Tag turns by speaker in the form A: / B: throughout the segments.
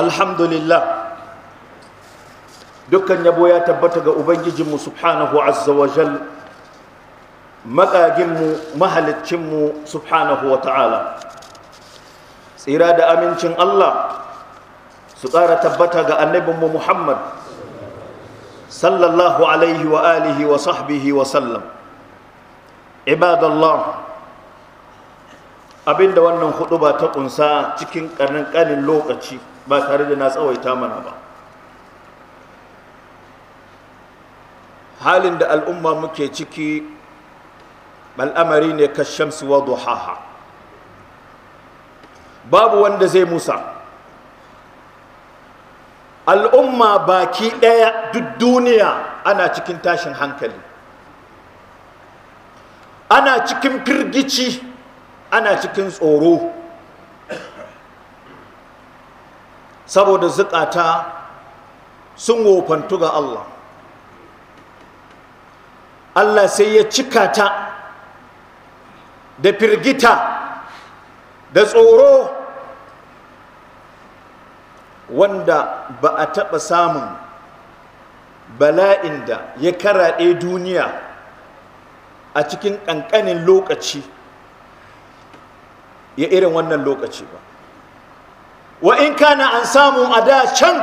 A: alhamdulillah dukkan yabo ya tabbata ga ubangijinmu subhanahu azza wa jal maƙaginmu mahalicinmu subhanahu wa ta'ala tsira da amincin allah su ƙara tabbata ga annabinmu muhammad sallallahu alaihi wa alihi wa sahbihi wa sallam ibadallah abinda wannan hudu ba ta ƙunsa cikin ƙanin lokaci ba tare da na tsawaita mana ba halin da al'umma muke ciki al'amari ne ka shamsu wa duhaha babu wanda zai musa al'umma baki ɗaya duk duniya ana cikin tashin hankali ana cikin firgici ana cikin tsoro saboda zukata sun wofantu ga Allah Allah sai ya cika ta da firgita da tsoro wanda ba a taɓa samun bala'in da ya karaɗe duniya a cikin ƙanƙanin lokaci ya irin wannan lokaci ba wa in kana an samu a da can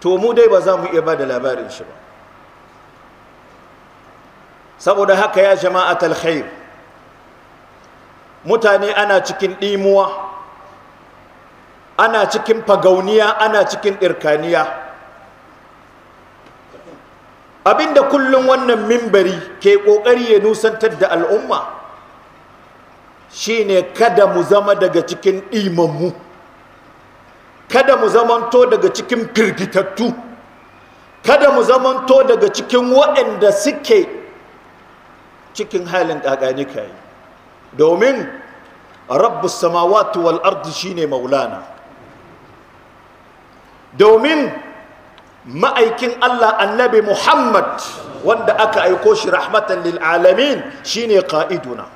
A: to mu dai ba za mu iya ba da labarin shi ba saboda haka ya jama'at alkhair mutane ana cikin ɗimuwa ana cikin fagauniya ana cikin ɗirkaniya abinda kullum wannan mimbari ke ƙoƙari ya nusantar da al'umma shine kada mu zama daga cikin ɗimammu kada mu zamanto daga cikin firgitattu kada mu zamanto daga cikin waɗanda suke cikin halin ƙaƙani kayi domin rabbus samawati wal ardi shine maulana domin ma'aikin Allah annabi Muhammad wanda aka aiko shi rahmatan lil'alamin alamin shine ka'iduna.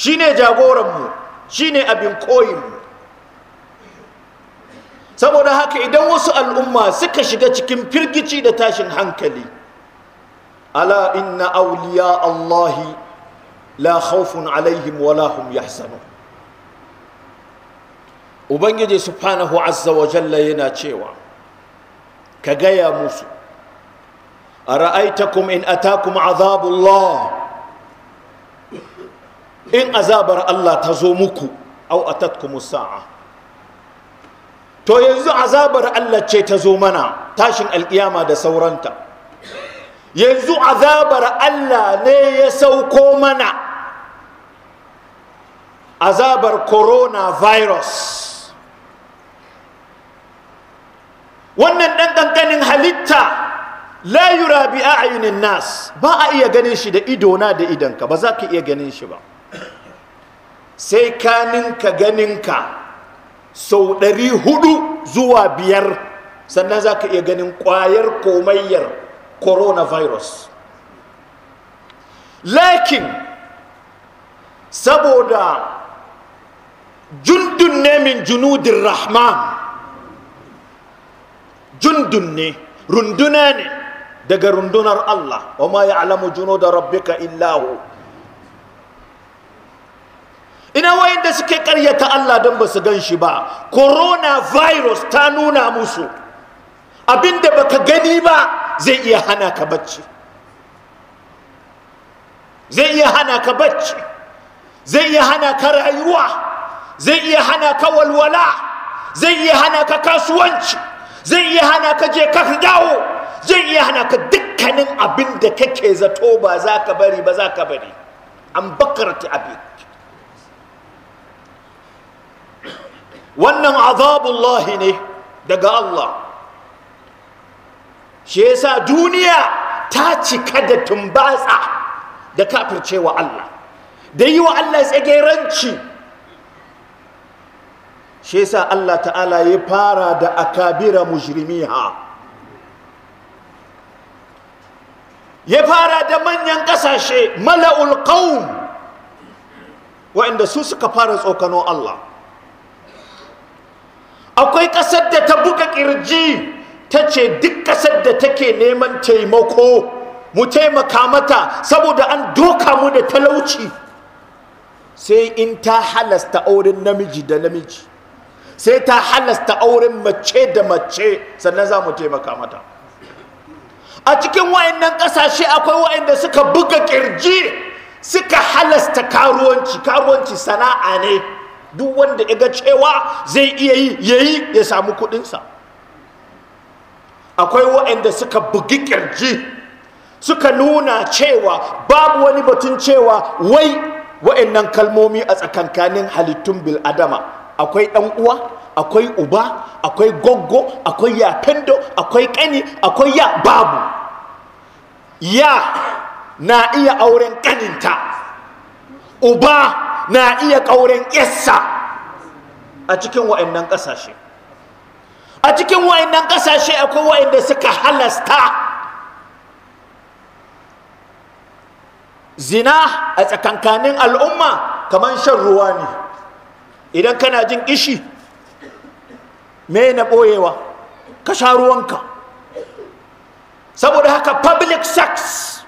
A: shine jagoranmu shine abin koyinmu saboda haka idan wasu al'umma suka shiga cikin firgici da tashin hankali ala inna auliya allahi la khawfun alaihim walahum ya yahzanun ubangiji subhanahu azza jalla yana cewa ka gaya musu a ra'aitakum in atakum azabullah in azabar Allah ta zo muku au tatkumu sa'a to yanzu azabar Allah ce ta zo mana tashin alƙiyama da sauranta yanzu azabar Allah ne ya sauko mana azabar coronavirus wannan ɗan ƙanƙanin halitta la yura bi a'yunin nas ba a iya ganin shi da idona da idanka ba za ka iya ganin shi ba sai ka ninka ganinka sau ɗari hudu zuwa biyar sannan za ka iya ganin ƙwayar komayyar coronavirus lakin saboda jundun ne min junudin rahman jundun ne runduna ne daga rundunar Allah wa ma ya alamu Rabbi rabbika illahu ina wayanda suke karyata Allah don ba su gan shi ba virus ta nuna musu abinda baka gani ba zai iya hana ka bacci zai iya hana ka bacci zai iya hana ka rayuwa zai iya hana ka walwala zai iya hana ka kasuwanci zai iya hana ka je ka dawo zai iya hana ka dukkanin abin da kake zato ba za ka bari ba za ka bari an bakarta abin wannan azabullahi ne daga Allah shi yasa duniya ta cika da tumbatsa da kafircewa Allah da yi wa Allah tsageranci shi yasa Allah ta'ala ya fara da akabira mujrimiha ya fara da manyan ƙasashe mala'ul qaum wa'anda su suka fara tsokano Allah akwai ƙasar da ta buga ƙirji ta ce duk ƙasar da take neman taimako mu taimaka mata saboda an doka mu da talauci sai in ta halasta auren namiji da namiji sai ta halasta auren mace da mace sannan za mu taimaka mata a cikin wayannan ƙasashe akwai da suka buga ƙirji suka halasta karuwanci karuwanci sana'a ne duk wanda ya ga cewa zai iya yi ya yi ya samu kudinsa akwai waɗanda suka bugi kirji suka nuna cewa babu wani batun cewa wai waɗannan kalmomi a tsakankanin halittun bil'adama akwai ɗan uwa akwai uba akwai goggo akwai ya pendo akwai ƙani akwai ya babu ya na iya auren ƙaninta uba na iya ƙauren yassa a cikin wa'annan ƙasashe a cikin wa'annan ƙasashe akwai wa'anda suka halasta zina a tsakankanin al'umma kamar shan ruwa ne idan kana jin ishi me na ɓoyewa ka sha ruwanka saboda haka public sex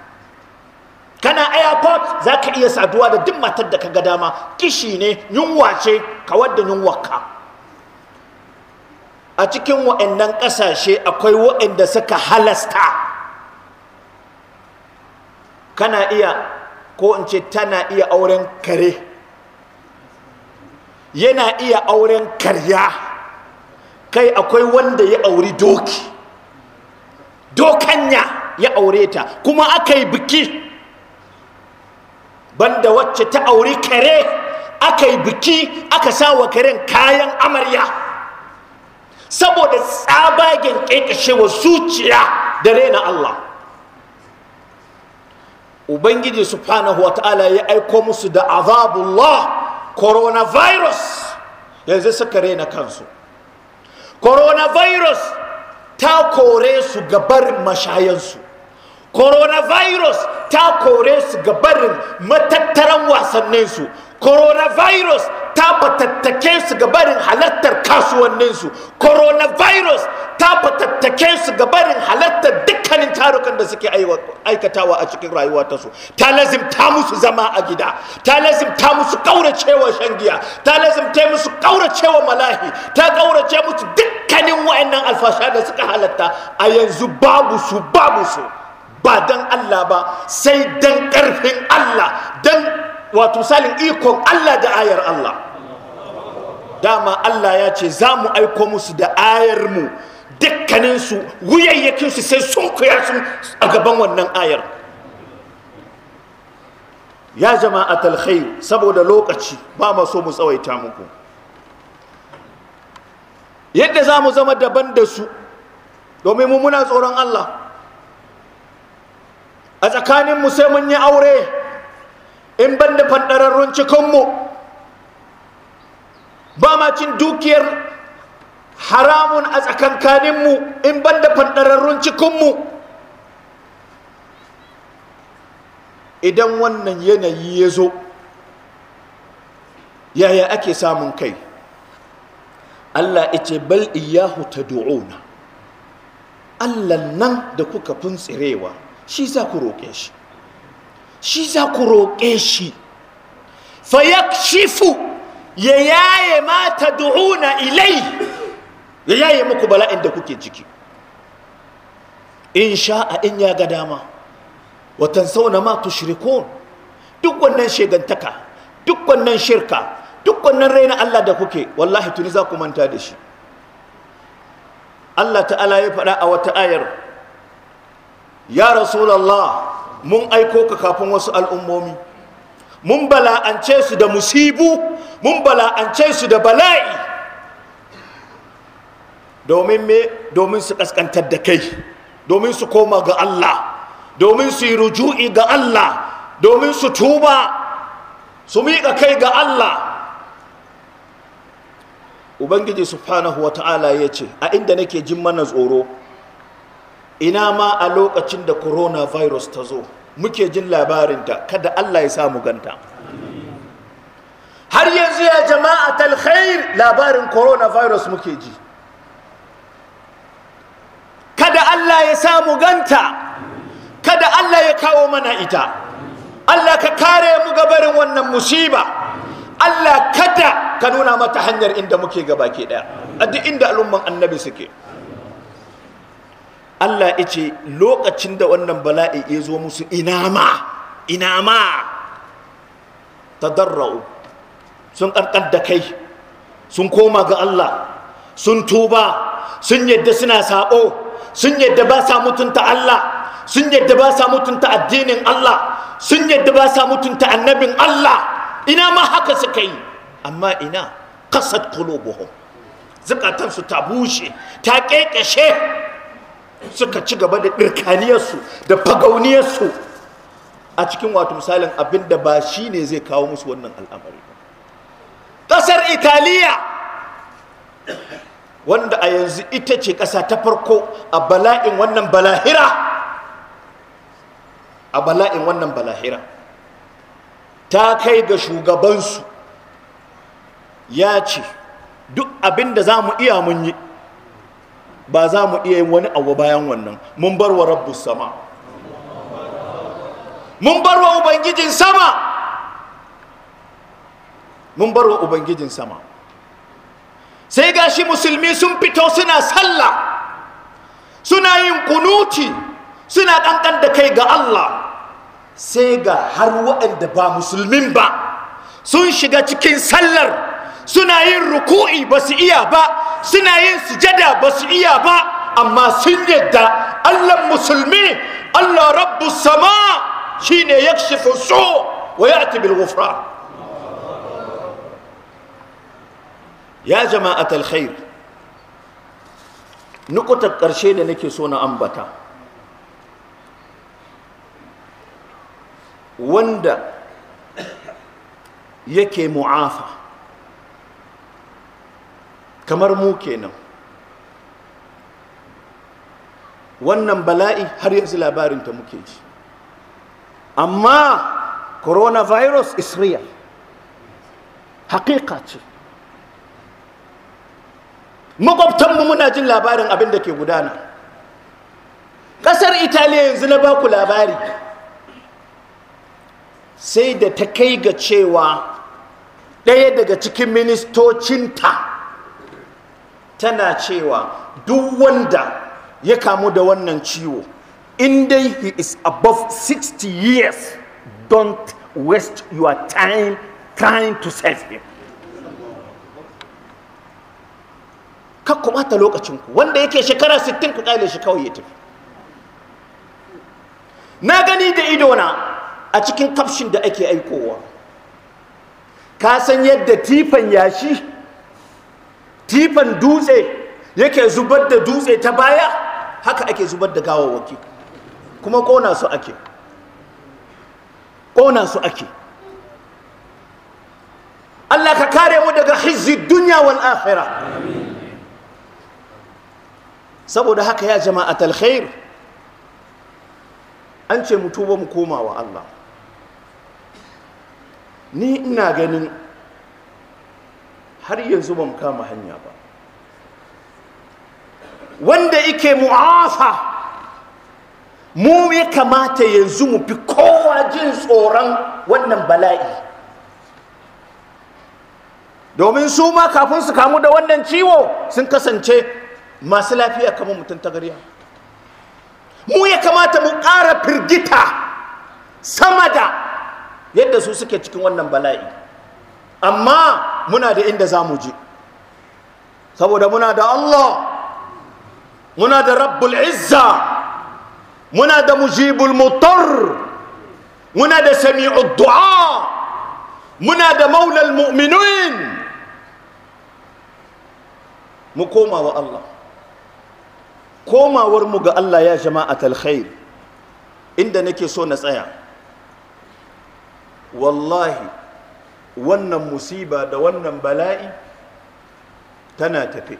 A: kana airport za ka iya saduwa da duk matar da ka ga dama kishi ne yunwa ce kawar da yunwarka a cikin wa'annan ƙasashe akwai wa'anda suka halasta kana iya ko in ce tana iya auren kare yana iya auren karya kai akwai wanda ya auri doki dokanya ya aure ta kuma aka yi biki banda wacce ta auri kare aka yi biki aka sa wa karen kayan amarya saboda tsabagen ƙeƙashewa zuciya da rena Allah ubangiji subhanahu wata'ala ya aiko musu da azabullah coronavirus yanzu suka rena kansu coronavirus ta kore su gabar mashayansu coronavirus ta kore su ga barin matattaran wasanninsu coronavirus ta fatattake su ga barin halartar kasuwanninsu coronavirus ta fatattake su ga barin halartar dukkanin tarukan da suke aikatawa a cikin rayuwa ta su ta musu zama a gida ta lazimta musu kauracewa shan giya ta lazimta musu kauracewa malahi ta kaurace musu dukkanin wa'annan alfasha da suka halatta a yanzu babu su babu su ba dan Allah ba sai dan ƙarfin Allah dan wato salin ikon Allah da ayar Allah dama Allah ya ce za mu aiko musu da ayar mu dukkaninsu wuyayyakinsu sai sun kuya sun a gaban wannan ayar ya jama'a alkhair saboda lokaci ba ma so mu tsawaita muku yadda za mu zama daban da su domin mu muna tsoron Allah a tsakaninmu sai mun yi aure in ban da fanɗararrun cikinmu ba ma cin dukiyar haramun a tsakankaninmu in ban da fanɗararrun cikinmu idan wannan yanayi ya zo yaya ake samun kai Allah ce bal iyahu ta du'una Allah nan da kuka funtsirewa shi za ku roƙe shi shi za ku roƙe shi fayakshifu ya yaye ma ta du'una ilai ya yaye muku bala'in da kuke ciki in sha'a in ya ga dama watan sauna ma tushrikun duk wannan shegantaka duk wannan shirka duk wannan raina Allah da kuke wallahi tuni za ku manta da shi Allah ta'ala ya faɗa a wata ayar ya rasulallah mun aiko ka kafin wasu al'ummomi mun bala'ance su da musibu mun bala'ance su da bala'i domin me domin su kaskantar da kai domin su koma ga Allah domin su yi ruju'i ga Allah domin su tuba su miƙa kai ga Allah ubangiji subhanahu wa ta'ala ya ce a inda nake jin mana tsoro ina ma a lokacin da coronavirus ta zo muke jin labarinta kada allah ya samu ganta har yanzu ya jama'a talkhair labarin coronavirus muke ji kada allah ya samu ganta kada allah ya kawo mana ita allah ka kare mu gabarin wannan musiba allah kada ka nuna mata hanyar inda muke gaba ke daya a duk inda al'umman annabi suke Allah ya ce lokacin da wannan bala'i ya zo musu ina ma ina ma tadarra'u sun ƙanƙan da kai sun koma ga Allah sun tuba sun yadda suna saɓo sun yadda ba sa mutunta Allah sun yadda ba sa mutunta addinin Allah sun yadda ba sa mutunta annabin Allah ina ma haka suka yi amma ina kasat kulubuhum zukatansu ta bushe ta kekeshe suka ci gaba da ɗirkaniyarsu da fagauniyarsu a cikin wato misalin abin da ba shi ne zai kawo musu wannan al'amari ba. ƙasar italiya wanda a yanzu ita ce ƙasa ta farko a bala'in wannan balahira a bala'in wannan balahira ta kai ga shugabansu ya ce duk abin da za mu iya mun yi ba za mu iya yin wani abu bayan wannan mun bar wa rabbu sama mun bar wa ubangijin sama mun bar wa ubangijin sama sai gashi musulmi sun fito suna sallah suna yin kunuti suna ɗanɗan da kai ga Allah sai ga har waɗanda ba musulmin ba sun shiga cikin sallar suna yin ruku'i ba su iya ba suna yin sujada ba su iya ba amma sun yadda allah musulmi allah rabbu sama shine yakshifu su wa ya'ti bil ghufran ya nukutar ƙarshe da nake so na ambata wanda yake mu'afa kamar mu kenan wannan bala'i har yanzu labarinta muke ji amma coronavirus is real haƙiƙa ce makwabtanmu muna jin labarin abin da ke gudana ƙasar italiya yanzu na baku labari sai da ta kai ga cewa ɗaya daga cikin ministocinta tana cewa duk wanda ya kamu da wannan ciwo in dai he is above 60 years don't waste your time trying to save him ka ku ɓata lokacinku wanda yake shekara 60 ku ƙaile shi kawai ya tafi na gani da idona a cikin kafshin da ake aikowa ka san yadda tifan yashi tifan dutse yake zubar da dutse ta baya haka ake zubar da gawawwaki kuma ƙona su ake ƙona su ake Allah ka kare mu daga hizzi duniya wal akhirah saboda haka ya jama'a alkhair an ce mu tuba mu koma wa Allah ni ina ganin har yanzu ban kama hanya ba wanda yake mu'afa mu ya kamata yanzu mu fi kowa jin tsoron wannan bala'i domin su ma kafin su kamu da wannan ciwo sun kasance masu lafiya kamar mutum ta gariya mu ya kamata mu ƙara firgita sama da yadda su suke cikin wannan bala'i amma muna da inda za mu je saboda muna da Allah muna da rabbul izza muna da mujibul mutar muna da sami'ud du'a muna da maulal mu'minin mu koma wa Allah komawar mu ga Allah ya jama'atul khair inda nake so na tsaya wallahi wannan musiba da wannan bala'i tana tafi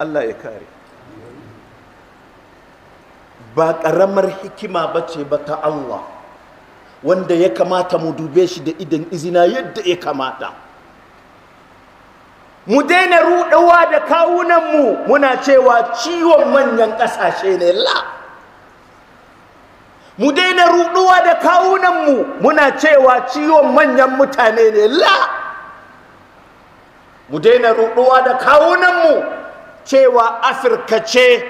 A: Allah ya kare ba ƙaramar hikima ba ce ba ta Allah wanda ya kamata mu dube shi da idan izina yadda ya kamata mu daina ruɗawa da kawunanmu muna cewa ciwon manyan ƙasashe ne la' mu daina ruɗuwa da kawunan mu muna cewa ciwon manyan mutane ne la mu daina ruɗuwa da kawunanmu cewa afirka ce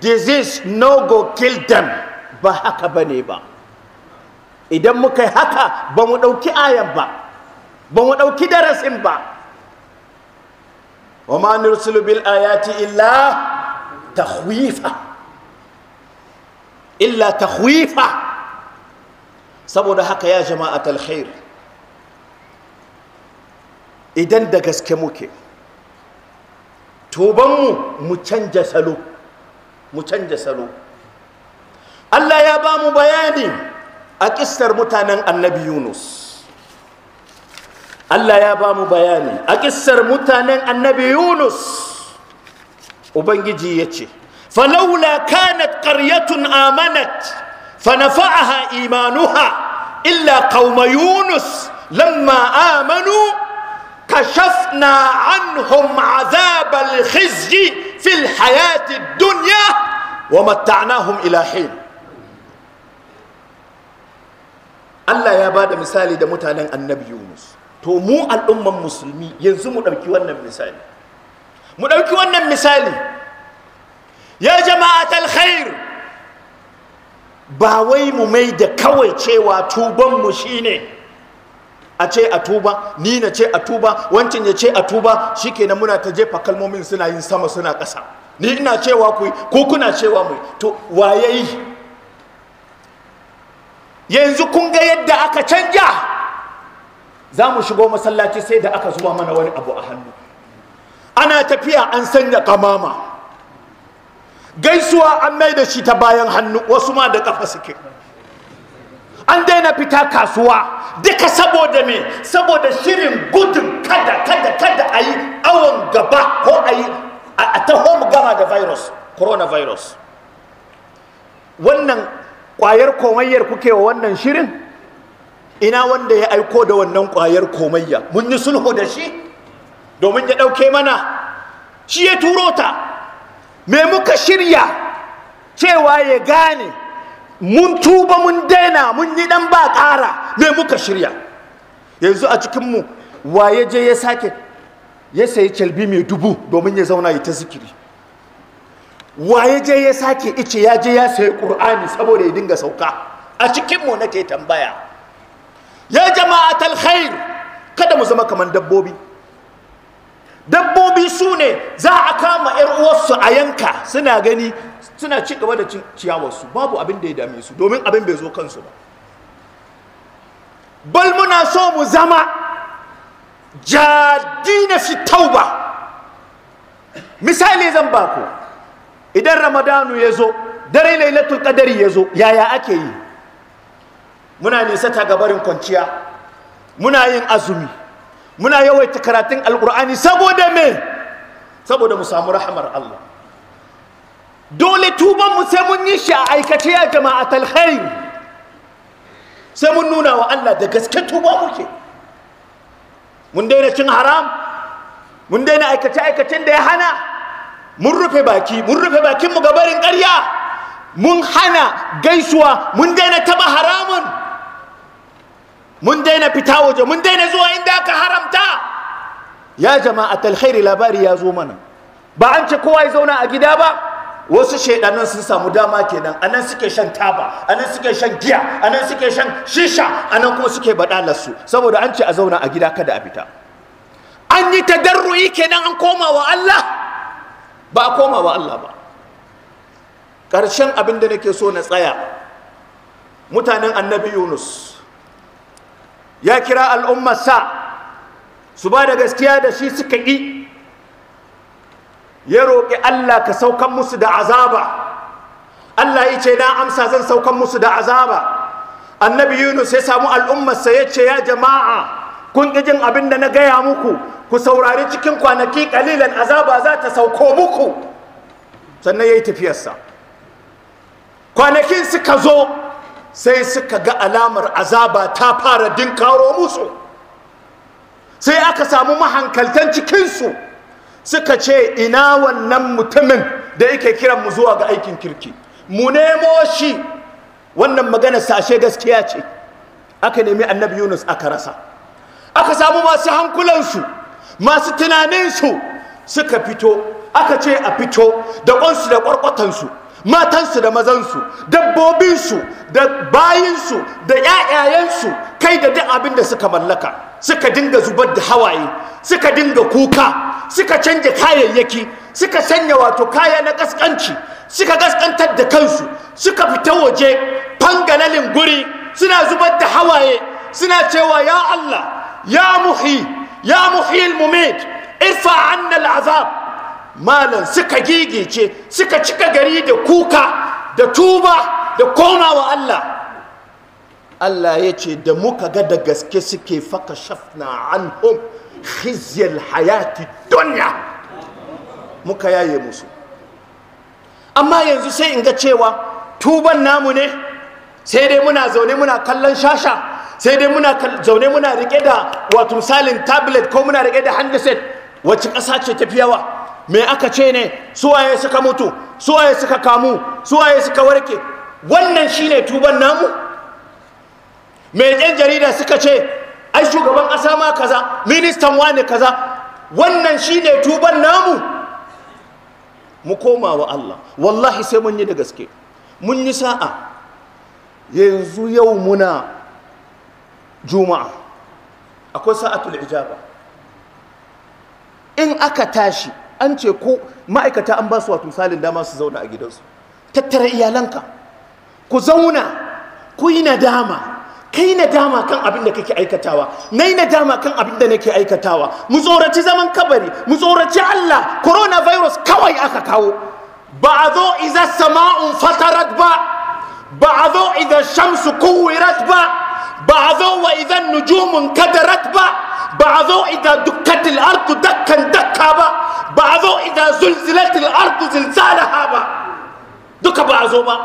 A: disease no go kill them ba haka ba ne ba idan muka yi haka ba mu ɗauki ayan ba ba mu ɗauki darasin ba wa ma nursilu bil ayati illa tahwifa illa tahwifa saboda haka ya jama'a alkhair idan da gaske muke tubanmu mu canja salo mu canja salo Allah ya ba mu bayani a kistar mutanen annabi Yunus Allah ya ba mu bayani a kistar mutanen annabi Yunus Ubangiji ya ce فلولا كانت قرية آمنت فنفعها إيمانها إلا قوم يونس لما آمنوا كشفنا عنهم عذاب الخزي في الحياة الدنيا ومتعناهم إلى حين الله يا بعد مثال ده متعلن النبي يونس تومو الأمم المسلمين المسلمي ينزموا نبكي وانا مثالي مو وانا مثالي ya jama'atal khair ba wai mu mai da kawai cewa tubanmu shine a ce a tuba ni na ce a tuba wancin ya ce a tuba shikenan muna ta jefa kalmomin suna yin sama suna ƙasa ni ina cewa ku ko kuna cewa mu to waye yi yanzu kun ga yadda aka canja za mu shigo masallaci sai da aka zuba mana wani abu a hannu ana tafiya an sanya kamama gaisuwa an mai da shi ta bayan hannu wasu ma da kafa suke an daina fita kasuwa duka saboda me saboda shirin gudun kada kada kada a yi awon gaba ko a yi a taho mu gama da virus coronavirus wannan kwayar komayyar kuke wa wannan shirin ina wanda ya aiko da wannan kwayar komayya mun yi sulhu da shi domin ya ɗauke mana shi ya turo ta me muka shirya cewa ya gane mun tuba mun daina mun yi dan ba ƙara me muka shirya yanzu a cikinmu waye je ya sake ya sayi calbi mai dubu domin ya zauna ya ta zikiri waye je ya sake ice ya je ya sayi ƙur'ani saboda ya dinga sauka a cikinmu na nake tambaya ya jama'atal khair kada mu zama kamar dabbobi dabbobi su ne za a kama yar uwarsu a yanka suna gani suna ci gaba da ciyawarsu babu abin da ya dame su domin abin bai zo kansu ba bal muna so mu zama na fi tauba misali zan baku idan ramadanu ya zo dare lailatul qadari ya zo yaya ake yi muna nisata gabarin kwanciya muna yin azumi muna yawaita karatun alkur'ani saboda me saboda mu samu rahamar Allah dole tuban mu sai mun yi shi a aikace ya jama'a talhain sai mun nuna wa Allah da gaske tuba muke mun daina cin haram mun daina aikace aikacen da ya hana mun rufe baki mun rufe bakin mu barin ƙarya mun hana gaisuwa mun daina taba haramun mun daina fita waje mun daina zuwa inda aka haramta ya jama'a talkhairi labari ya zo mana ba an ce kowa ya zauna a gida ba wasu shaidanan sun samu dama kenan anan suke shan taba anan suke shan giya anan suke shan shisha anan kuma suke badalarsu saboda an ce a zauna a gida kada a fita an yi tadarru'i kenan an koma wa Allah ba a koma wa Allah ba Karshen abin da nake so na tsaya mutanen annabi yunus ya kira al'ummarsa su ba da gaskiya da shi suka ƙi ya roƙi Allah ka saukan musu da azaba Allah ya ce na amsa zan saukan musu da azaba annabi yunus ya samu al'ummarsa ya ce ya jama'a kun ƙi jin abin da na gaya muku ku saurari cikin kwanaki ƙalilan azaba za ta sauko muku sannan ya yi tafiyarsa kwanakin suka zo sai suka ga alamar azaba ta fara din karo musu sai aka samu mahankaltan cikinsu suka ce ina wannan mutumin da yake kiran mu zuwa ga aikin kirki mu nemo shi wannan magana sashe gaskiya ce aka nemi annabi yunus aka rasa aka samu masu hankulansu masu tunaninsu suka fito aka ce a fito da ƙwansu da ƙwarƙwatansu matansu da mazansu dabbobinsu da bayinsu da ‘ya'yayensu kai da duk abin da suka mallaka suka dinga zubar da hawaye suka dinga kuka suka canja kayayyaki suka sanya wato kaya na ƙasƙanci suka ƙasƙantar da kansu suka fita waje fanganalin guri suna zubar da hawaye suna cewa ya Allah ya muhi ya muhi al-mumit irfa anna al-azab malam suka gigice suka cika gari da kuka da tuba da koma wa Allah Allah ya ce da muka ga da gaske suke faka shafna hum khizyal hayati dunya muka yaye musu amma yanzu sai in ga cewa tuban namu ne sai dai muna zaune muna kallon shasha sai dai muna zaune muna rike da wato misalin tablet ko muna rike da handset wacce ƙasa ce tafi yawa me aka ce ne suwaye suka mutu suwaye suka kamu suwaye suka warke wannan shine tuban namu me yan jarida suka ce ai shugaban ƙasa ma kaza ministan wane kaza wannan shine tuban namu mu koma wa Allah wallahi sai mun yi da gaske mun yi sa'a yanzu yau muna juma'a akwai sa'atul ijaba in aka tashi an ce ko ma'aikata an ba su wato misalin dama su zauna a gidansu tattara iyalanka ku zauna ku yi nadama kai nadama kan abin da kake aikatawa nai nadama kan abin da nake aikatawa mu tsoraci zaman kabari mu tsoraci Allah coronavirus kawai aka kawo ba a zo iza sama'un fatarat ba ba a zo iza shamsu kuwirat ba ba a zo wa idan nujumun kadarat ba ba a zo idan dukkatil arku dakkan dakka ba ba a zo idan zulzilatil arku zilzalaha ba duka ba a zo ba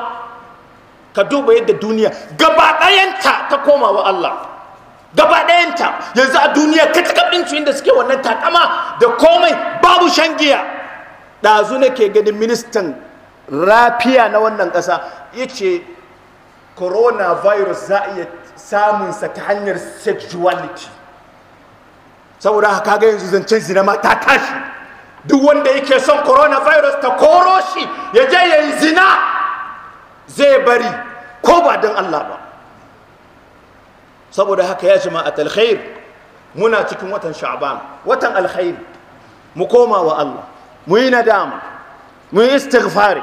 A: ka duba yadda duniya gaba ɗayanta ta koma wa Allah gaba ɗayanta yanzu a duniya ka ɗin cuyin inda suke wannan takama da komai babu shan giya ɗazu nake ganin ministan rafiya na wannan ƙasa ya ce coronavirus za a iya samunsa ta hanyar sexuality saboda haka ga yanzu zancen zinama ta tashi duk wanda yake son coronavirus ta koro shi ya je ya yi zina zai bari ko ba don Allah ba saboda haka ya jima a talhair muna cikin watan sha'ban watan alkhair mu koma wa Allah mu yi nadama mu yi istighfari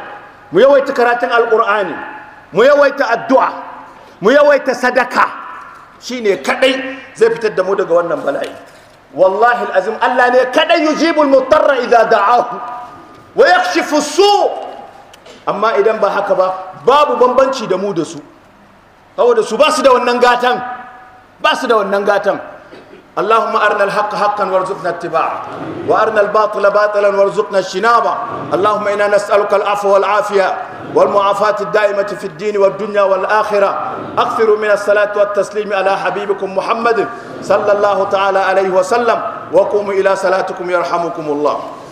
A: mu yawaita karatun alkur'ani mu yawaita addu'a mu yawaita sadaka shine kadai zai fitar da mu daga wannan bala'i wallahi azim Allah ne kadai yujibul mutarra idza da'ahu wa yakshifu fusu, amma idan ba haka ba babu bambanci da mu da su saboda su ba su da wannan gatan ba su da wannan gatan اللهم أرنا الحق حقا وارزقنا اتباعه وأرنا الباطل باطلا وارزقنا اجتنابه اللهم إنا نسألك العفو والعافية والمعافاة الدائمة في الدين والدنيا والآخرة أكثروا من الصلاة والتسليم على حبيبكم محمد صلى الله تعالى عليه وسلم وقوموا إلى صلاتكم يرحمكم الله